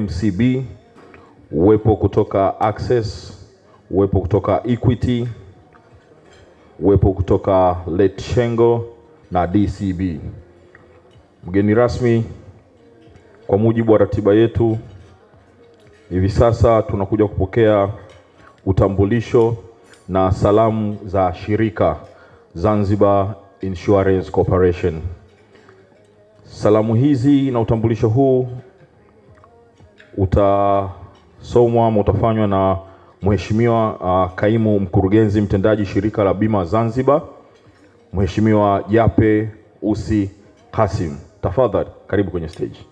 MCB, uwepo kutoka Access, uwepo kutoka Equity, uwepo kutoka Letshengo na DCB. Mgeni rasmi, kwa mujibu wa ratiba yetu, hivi sasa tunakuja kupokea utambulisho na salamu za shirika Zanzibar Insurance Corporation. Salamu hizi na utambulisho huu utasomwa ama utafanywa na Mheshimiwa uh, Kaimu Mkurugenzi Mtendaji Shirika la Bima Zanzibar, Mheshimiwa Jape Usi Kasim. Tafadhali karibu kwenye stage.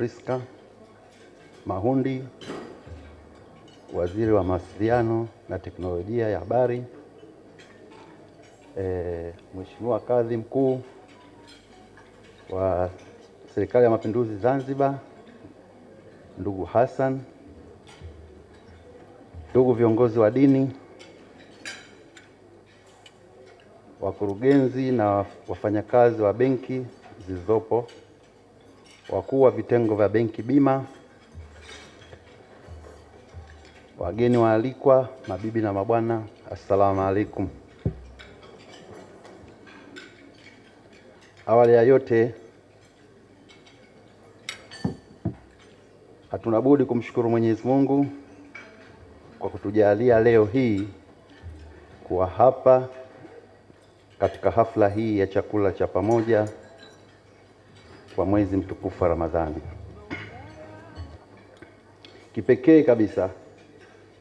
Priska Mahundi, waziri wa mawasiliano na teknolojia ya habari, e, Mheshimiwa Kadhi Mkuu wa Serikali ya Mapinduzi Zanzibar, ndugu Hassan, ndugu viongozi wa dini, wakurugenzi na wafanyakazi wa benki zilizopo wakuu wa vitengo vya benki bima, wageni waalikwa, mabibi na mabwana, assalamu alaikum. Awali ya yote hatuna budi kumshukuru Mwenyezi Mungu kwa kutujalia leo hii kuwa hapa katika hafla hii ya chakula cha pamoja wa mwezi mtukufu wa Ramadhani. Kipekee kabisa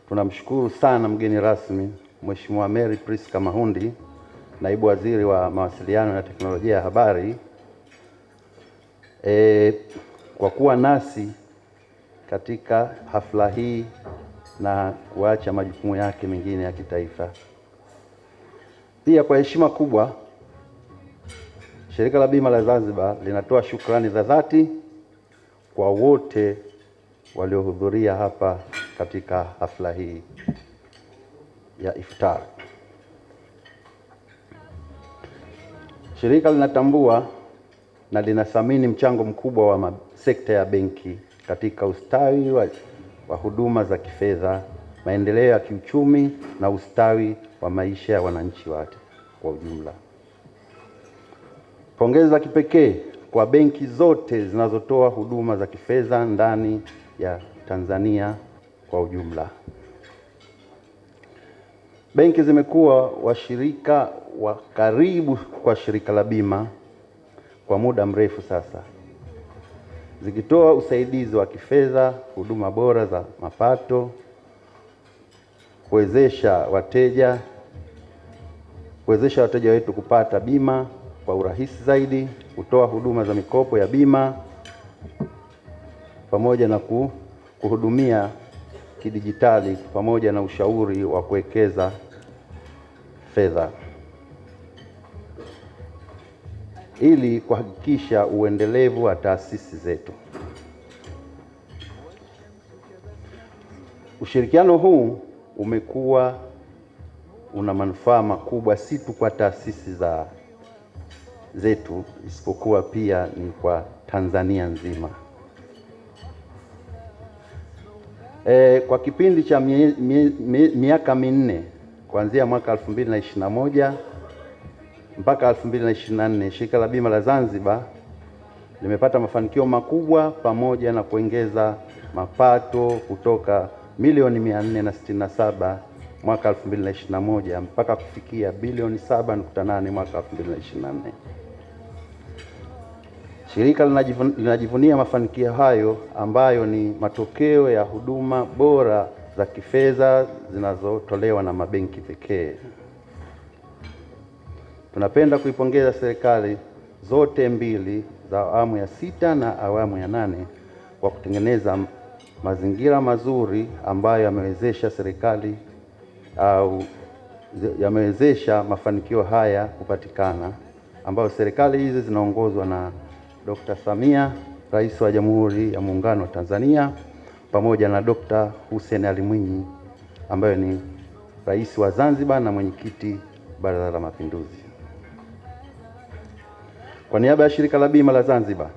tunamshukuru sana mgeni rasmi Mheshimiwa Mary Priska Mahundi, naibu waziri wa mawasiliano na teknolojia ya habari e, kwa kuwa nasi katika hafla hii na kuacha majukumu yake mengine ya kitaifa. Pia kwa heshima kubwa Shirika la Bima la Zanzibar linatoa shukrani za dhati kwa wote waliohudhuria hapa katika hafla hii ya iftar. Shirika linatambua na linathamini mchango mkubwa wa sekta ya benki katika ustawi wa, wa huduma za kifedha, maendeleo ya kiuchumi na ustawi wa maisha ya wananchi wake kwa ujumla. Pongezi la kipekee kwa benki zote zinazotoa huduma za kifedha ndani ya Tanzania kwa ujumla. Benki zimekuwa washirika wa karibu kwa shirika la bima kwa muda mrefu sasa, zikitoa usaidizi wa kifedha, huduma bora za mapato, kuwezesha wateja kuwezesha wateja wetu kupata bima kwa urahisi zaidi, kutoa huduma za mikopo ya bima pamoja na kuhudumia kidijitali pamoja na ushauri wa kuwekeza fedha ili kuhakikisha uendelevu wa taasisi zetu. Ushirikiano huu umekuwa una manufaa makubwa si tu kwa taasisi za zetu, isipokuwa pia ni kwa Tanzania nzima. E, kwa kipindi cha mie, mie, mie, miaka minne kuanzia mwaka 2021 mpaka 2024 Shirika la Bima la Zanzibar limepata mafanikio makubwa pamoja na kuongeza mapato kutoka milioni 467 mwaka 2021 mpaka kufikia bilioni 7.8 mwaka 2024. Shirika linajivunia mafanikio hayo ambayo ni matokeo ya huduma bora za kifedha zinazotolewa na mabenki pekee. Tunapenda kuipongeza serikali zote mbili za awamu ya sita na awamu ya nane kwa kutengeneza mazingira mazuri ambayo yamewezesha serikali au yamewezesha mafanikio haya kupatikana ambayo serikali hizi zinaongozwa na Dr. Samia, Rais wa Jamhuri ya Muungano wa Tanzania, pamoja na Dr. Hussein Ali Mwinyi ambaye ni Rais wa Zanzibar na mwenyekiti Baraza la Mapinduzi. Kwa niaba ya Shirika la Bima la Zanzibar,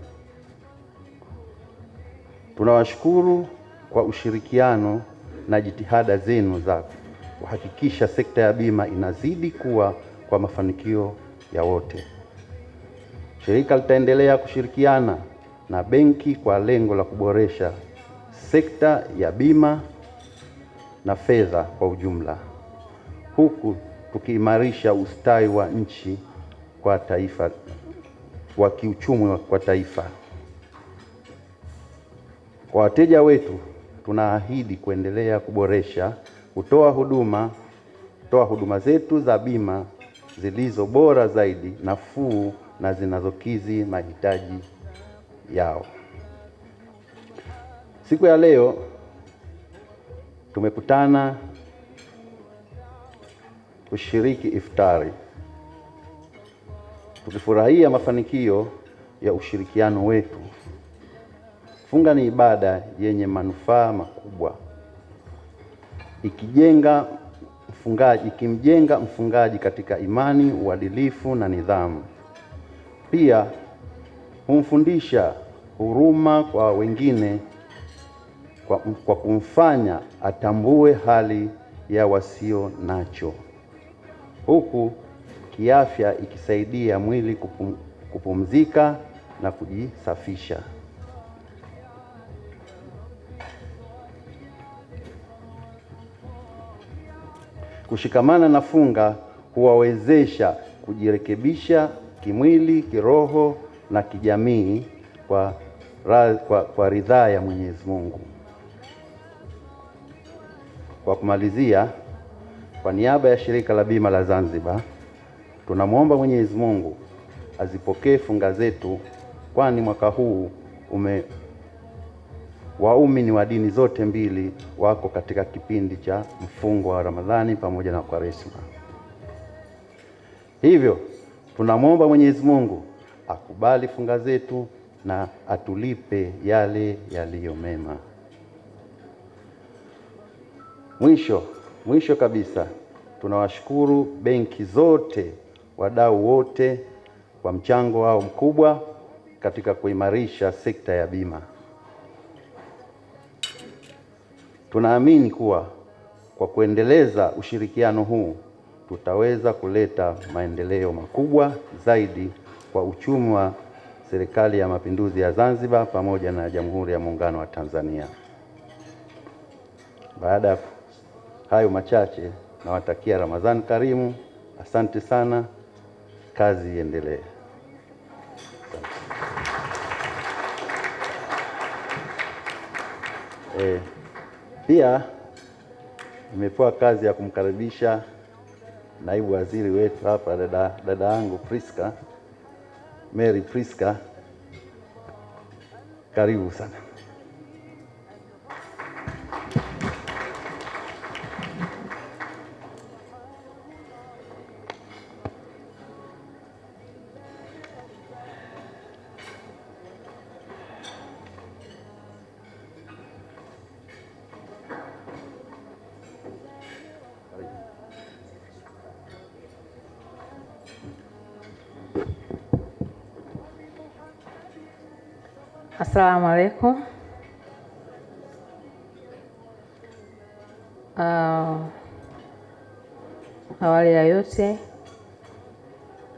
tunawashukuru kwa ushirikiano na jitihada zenu za kuhakikisha sekta ya bima inazidi kuwa kwa mafanikio ya wote. Shirika litaendelea kushirikiana na benki kwa lengo la kuboresha sekta ya bima na fedha kwa ujumla, huku tukiimarisha ustawi wa nchi kwa taifa wa kiuchumi kwa taifa. Kwa wateja wetu, tunaahidi kuendelea kuboresha kutoa huduma kutoa huduma zetu za bima zilizo bora zaidi, nafuu na zinazokidhi mahitaji yao. Siku ya leo tumekutana kushiriki iftari tukifurahia mafanikio ya ushirikiano wetu. Funga ni ibada yenye manufaa makubwa ikijenga mfungaji, ikimjenga mfungaji katika imani, uadilifu na nidhamu. Pia humfundisha huruma kwa wengine kwa, kwa kumfanya atambue hali ya wasio nacho, huku kiafya ikisaidia mwili kupum, kupumzika na kujisafisha. Kushikamana na funga huwawezesha kujirekebisha kimwili, kiroho na kijamii kwa, kwa, kwa ridhaa ya Mwenyezi Mungu. Kwa kumalizia, kwa niaba ya shirika la bima la Zanzibar tunamwomba Mwenyezi Mungu azipokee funga zetu, kwani mwaka huu ume Waumini wa dini zote mbili wako katika kipindi cha mfungo wa Ramadhani pamoja na Kwaresma. Hivyo tunamwomba Mwenyezi Mungu akubali funga zetu na atulipe yale yaliyo mema. Mwisho mwisho kabisa, tunawashukuru benki zote, wadau wote kwa mchango wao mkubwa katika kuimarisha sekta ya bima. Tunaamini kuwa kwa kuendeleza ushirikiano huu tutaweza kuleta maendeleo makubwa zaidi kwa uchumi wa Serikali ya Mapinduzi ya Zanzibar pamoja na Jamhuri ya Muungano wa Tanzania. Baada ya hayo machache, nawatakia Ramadhani karimu. Asante sana, kazi iendelee. Eh. Pia nimepewa kazi ya kumkaribisha naibu waziri wetu hapa, dada dada yangu Priska Mary Priska, karibu sana. Assalamu alaikum. Uh, awali ya yote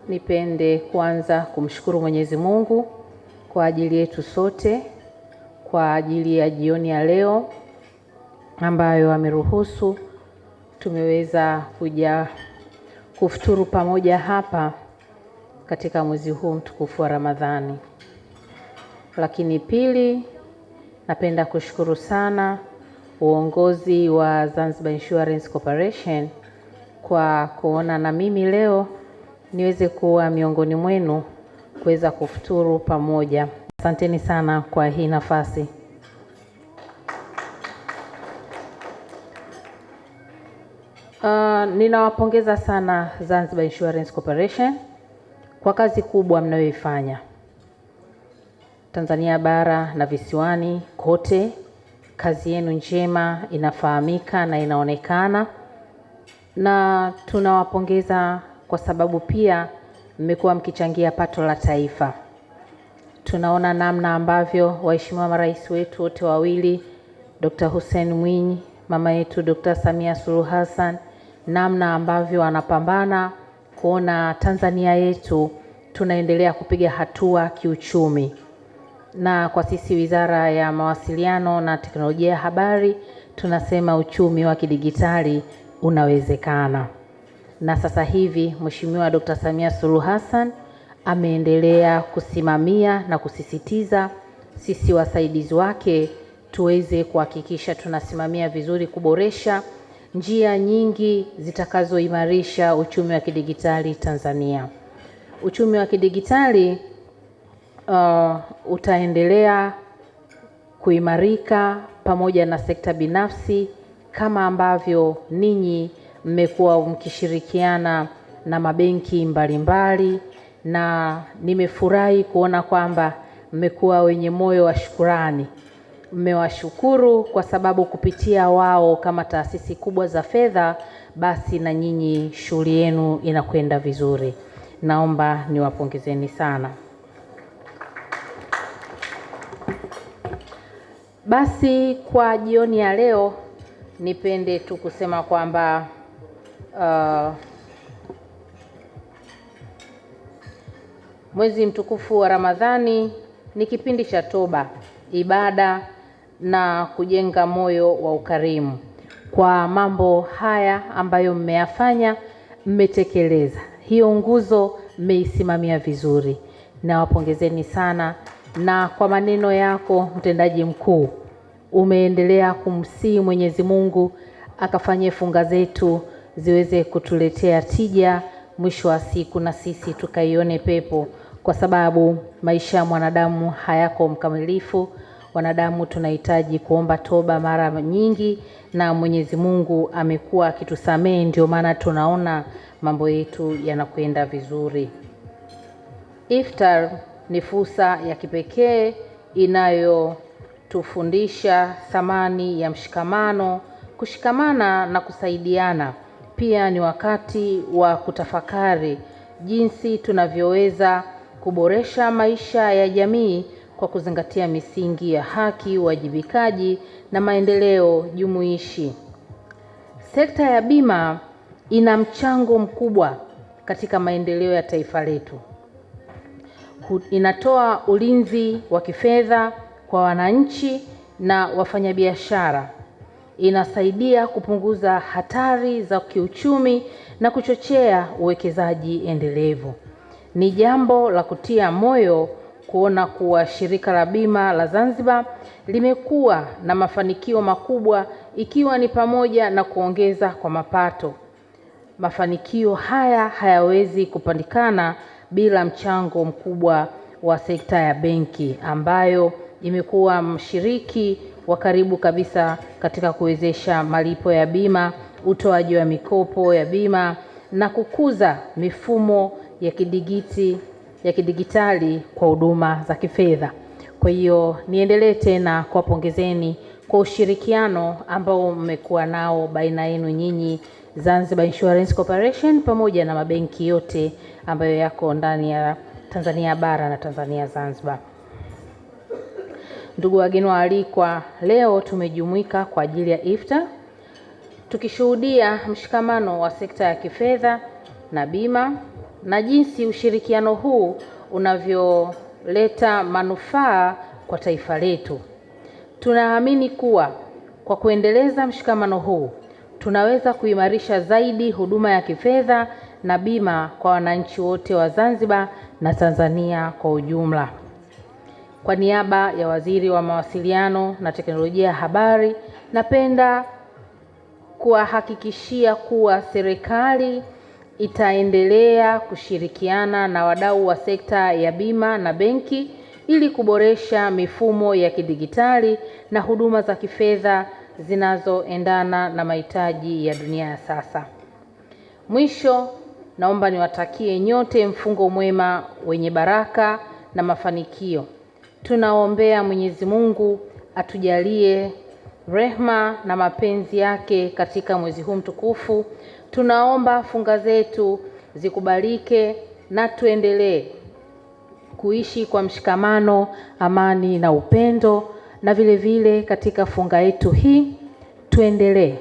nipende kwanza kumshukuru Mwenyezi Mungu kwa ajili yetu sote kwa ajili ya jioni ya leo ambayo ameruhusu tumeweza kuja kufuturu pamoja hapa katika mwezi huu mtukufu wa Ramadhani. Lakini pili, napenda kushukuru sana uongozi wa Zanzibar Insurance Corporation kwa kuona na mimi leo niweze kuwa miongoni mwenu kuweza kufuturu pamoja. Asanteni sana kwa hii nafasi. Uh, ninawapongeza sana Zanzibar Insurance Corporation kwa kazi kubwa mnayoifanya. Tanzania bara na visiwani kote. Kazi yenu njema inafahamika na inaonekana, na tunawapongeza kwa sababu pia mmekuwa mkichangia pato la taifa. Tunaona namna ambavyo waheshimiwa marais wetu wote wawili, Dr. Hussein Mwinyi, mama yetu Dr. Samia Suluhu Hassan, namna ambavyo anapambana kuona Tanzania yetu tunaendelea kupiga hatua kiuchumi na kwa sisi Wizara ya Mawasiliano na Teknolojia ya Habari tunasema uchumi wa kidigitali unawezekana. Na sasa hivi Mheshimiwa Dkt. Samia Suluhu Hassan ameendelea kusimamia na kusisitiza sisi wasaidizi wake tuweze kuhakikisha tunasimamia vizuri kuboresha njia nyingi zitakazoimarisha uchumi wa kidigitali Tanzania. Uchumi wa kidigitali uh, utaendelea kuimarika pamoja na sekta binafsi kama ambavyo ninyi mmekuwa mkishirikiana na mabenki mbalimbali mbali, na nimefurahi kuona kwamba mmekuwa wenye moyo wa shukurani. Mmewashukuru kwa sababu kupitia wao kama taasisi kubwa za fedha, basi na nyinyi shughuli yenu inakwenda vizuri. Naomba niwapongezeni sana. Basi kwa jioni ya leo nipende tu kusema kwamba uh, mwezi mtukufu wa Ramadhani ni kipindi cha toba, ibada na kujenga moyo wa ukarimu. Kwa mambo haya ambayo mmeyafanya, mmetekeleza hiyo nguzo, mmeisimamia vizuri. Nawapongezeni sana na kwa maneno yako mtendaji mkuu umeendelea kumsii Mwenyezi Mungu akafanye funga zetu ziweze kutuletea tija mwisho wa siku, na sisi tukaione pepo, kwa sababu maisha ya mwanadamu hayako mkamilifu. Wanadamu tunahitaji kuomba toba mara nyingi, na Mwenyezi Mungu amekuwa akitusamehe, ndio maana tunaona mambo yetu yanakwenda vizuri. Iftar ni fursa ya kipekee inayotufundisha thamani ya mshikamano, kushikamana na kusaidiana. Pia ni wakati wa kutafakari jinsi tunavyoweza kuboresha maisha ya jamii kwa kuzingatia misingi ya haki, uwajibikaji na maendeleo jumuishi. Sekta ya bima ina mchango mkubwa katika maendeleo ya taifa letu inatoa ulinzi wa kifedha kwa wananchi na wafanyabiashara, inasaidia kupunguza hatari za kiuchumi na kuchochea uwekezaji endelevu. Ni jambo la kutia moyo kuona kuwa shirika la bima la Zanzibar limekuwa na mafanikio makubwa ikiwa ni pamoja na kuongeza kwa mapato. Mafanikio haya hayawezi kupatikana bila mchango mkubwa wa sekta ya benki ambayo imekuwa mshiriki wa karibu kabisa katika kuwezesha malipo ya bima, utoaji wa mikopo ya bima na kukuza mifumo ya kidigiti ya kidigitali kwa huduma za kifedha. Kwa hiyo niendelee tena kuwapongezeni kwa ushirikiano ambao mmekuwa nao baina yenu nyinyi Zanzibar Insurance Corporation pamoja na mabenki yote ambayo yako ndani ya Tanzania bara na Tanzania Zanzibar. Ndugu wageni waalikwa, leo tumejumuika kwa ajili ya iftar tukishuhudia mshikamano wa sekta ya kifedha na bima na jinsi ushirikiano huu unavyoleta manufaa kwa taifa letu. Tunaamini kuwa kwa kuendeleza mshikamano huu tunaweza kuimarisha zaidi huduma ya kifedha na bima kwa wananchi wote wa Zanzibar na Tanzania kwa ujumla. Kwa niaba ya Waziri wa Mawasiliano na Teknolojia ya Habari, napenda kuwahakikishia kuwa serikali itaendelea kushirikiana na wadau wa sekta ya bima na benki ili kuboresha mifumo ya kidigitali na huduma za kifedha zinazoendana na mahitaji ya dunia ya sasa. Mwisho, naomba niwatakie nyote mfungo mwema wenye baraka na mafanikio. Tunaombea Mwenyezi Mungu atujalie rehma na mapenzi yake katika mwezi huu mtukufu. Tunaomba funga zetu zikubalike na tuendelee kuishi kwa mshikamano, amani na upendo na vile vile katika funga yetu hii tuendelee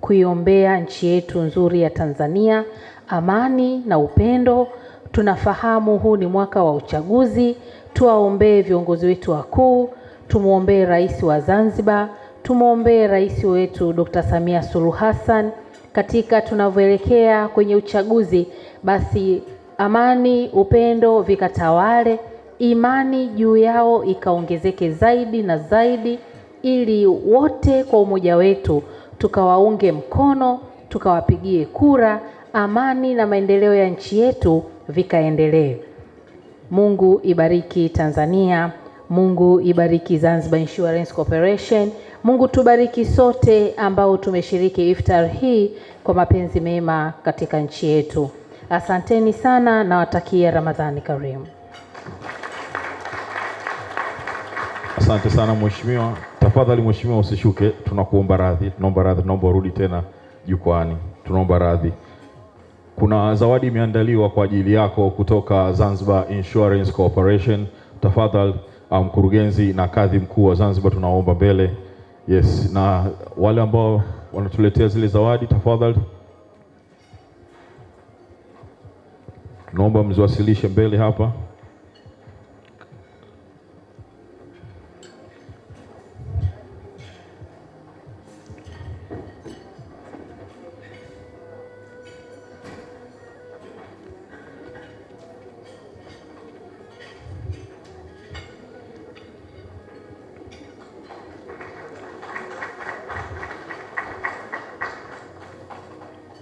kuiombea nchi yetu nzuri ya Tanzania, amani na upendo. Tunafahamu huu ni mwaka wa uchaguzi, tuwaombee viongozi wetu wakuu, tumwombee rais wa Zanzibar, tumwombee rais wetu Dr. Samia Suluhu Hassan katika tunavyoelekea kwenye uchaguzi, basi amani, upendo vikatawale imani juu yao ikaongezeke zaidi na zaidi, ili wote kwa umoja wetu tukawaunge mkono, tukawapigie kura, amani na maendeleo ya nchi yetu vikaendelee. Mungu ibariki Tanzania. Mungu ibariki Zanzibar Insurance Corporation. Mungu tubariki sote ambao tumeshiriki iftar hii kwa mapenzi mema katika nchi yetu. Asanteni sana, nawatakia Ramadhani karimu. Asante sana mheshimiwa. Tafadhali mheshimiwa, usishuke, tunakuomba radhi, tunaomba radhi, tunaomba urudi tena jukwani, tunaomba radhi. Kuna zawadi imeandaliwa kwa ajili yako kutoka Zanzibar Insurance Corporation. Tafadhali ah, mkurugenzi, um, na kadhi mkuu wa Zanzibar, tunaomba mbele. Yes, na wale ambao wanatuletea zile zawadi, tafadhali tunaomba mziwasilishe mbele hapa.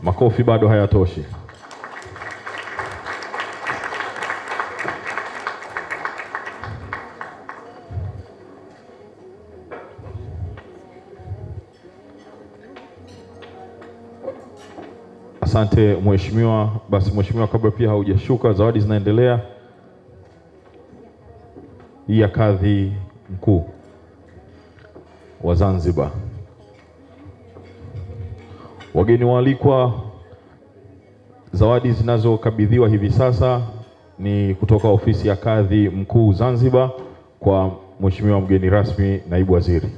Makofi bado hayatoshi. Asante mheshimiwa. Basi mheshimiwa, kabla pia haujashuka, zawadi zinaendelea hii ya kadhi mkuu wa Zanzibar. Wageni waalikwa, zawadi zinazokabidhiwa hivi sasa ni kutoka ofisi ya kadhi mkuu Zanzibar kwa mheshimiwa mgeni rasmi, naibu waziri.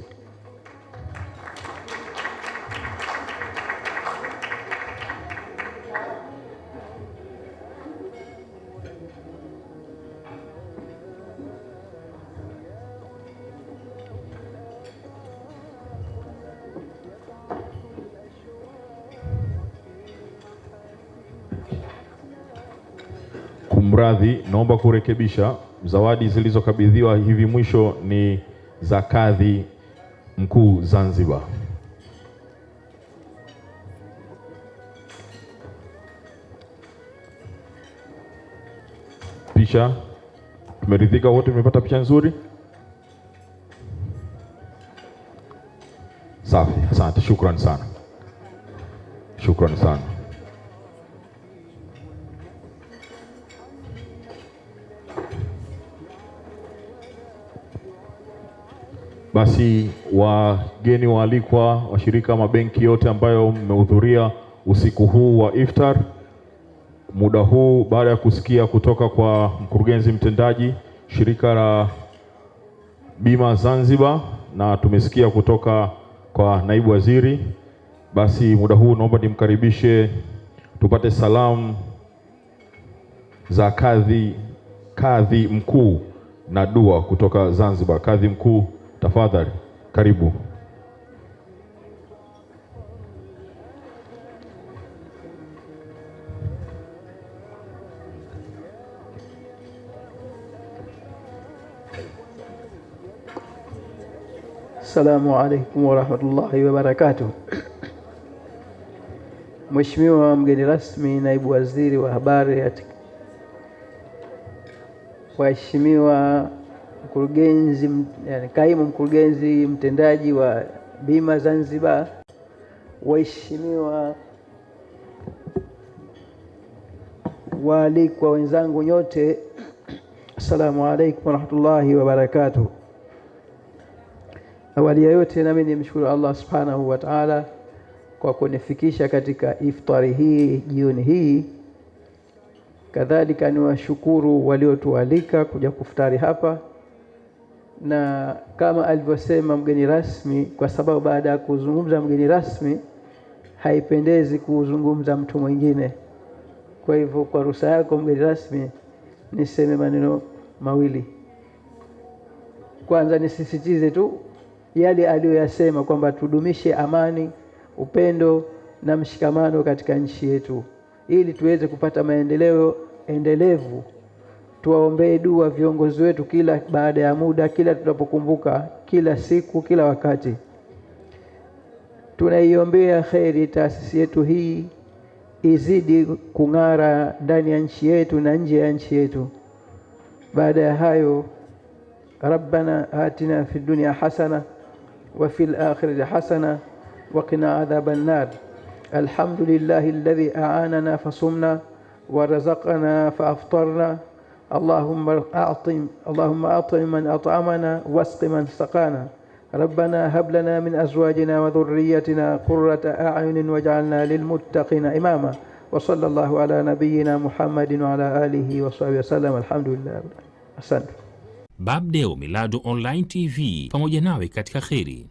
kadhi, naomba kurekebisha, zawadi zilizokabidhiwa hivi mwisho ni za kadhi mkuu Zanzibar. Picha tumeridhika wote, tumepata picha nzuri. Safi, asante, shukrani sana, shukrani sana. Basi wageni waalikwa, washirika mabenki yote ambayo mmehudhuria usiku huu wa iftar, muda huu baada ya kusikia kutoka kwa mkurugenzi mtendaji shirika la bima Zanzibar, na tumesikia kutoka kwa naibu waziri, basi muda huu naomba nimkaribishe tupate salamu za kadhi kadhi mkuu na dua kutoka Zanzibar. Kadhi mkuu Tafadhali karibu. Assalamu alaikum warahmatullahi wabarakatuh. Mheshimiwa mgeni rasmi, naibu waziri wa habari, waheshimiwa mkurugenzi yani kaimu mkurugenzi mtendaji wa bima Zanzibar, waheshimiwa waalikwa wenzangu nyote, assalamu alaikum warahmatullahi wabarakatuh. Awali ya yote, nami nimshukuru Allah subhanahu wa taala kwa kunifikisha katika iftari hii jioni hii. Kadhalika niwashukuru waliotualika kuja kufutari hapa na kama alivyosema mgeni rasmi, kwa sababu baada ya kuzungumza mgeni rasmi haipendezi kuzungumza mtu mwingine. Kwa hivyo, kwa ruhusa yako mgeni rasmi, niseme maneno mawili. Kwanza nisisitize tu yale aliyoyasema kwamba tudumishe amani, upendo na mshikamano katika nchi yetu ili tuweze kupata maendeleo endelevu tuwaombee dua viongozi wetu kila baada ya muda, kila tunapokumbuka, kila siku, kila wakati. Tunaiombea kheri taasisi yetu hii izidi kung'ara ndani ya nchi yetu na nje ya nchi yetu. Baada ya hayo, rabbana atina fi dunya hasana wa fil akhirati hasana wa qina adhaban nar. Alhamdulillahi alladhi aanana fasumna wa razaqana faaftarna اللهم أعطم اللهم أطعم من أطعمنا واسق من سقانا ربنا هب لنا من ازواجنا وذريتنا قرة أعين واجعلنا للمتقين إماما وصلى الله على نبينا محمد وعلى ala alihi wa sahbihi wasallam. Alhamdulillah, Babdeo Miladu Online TV pamoja nawe katika kheri.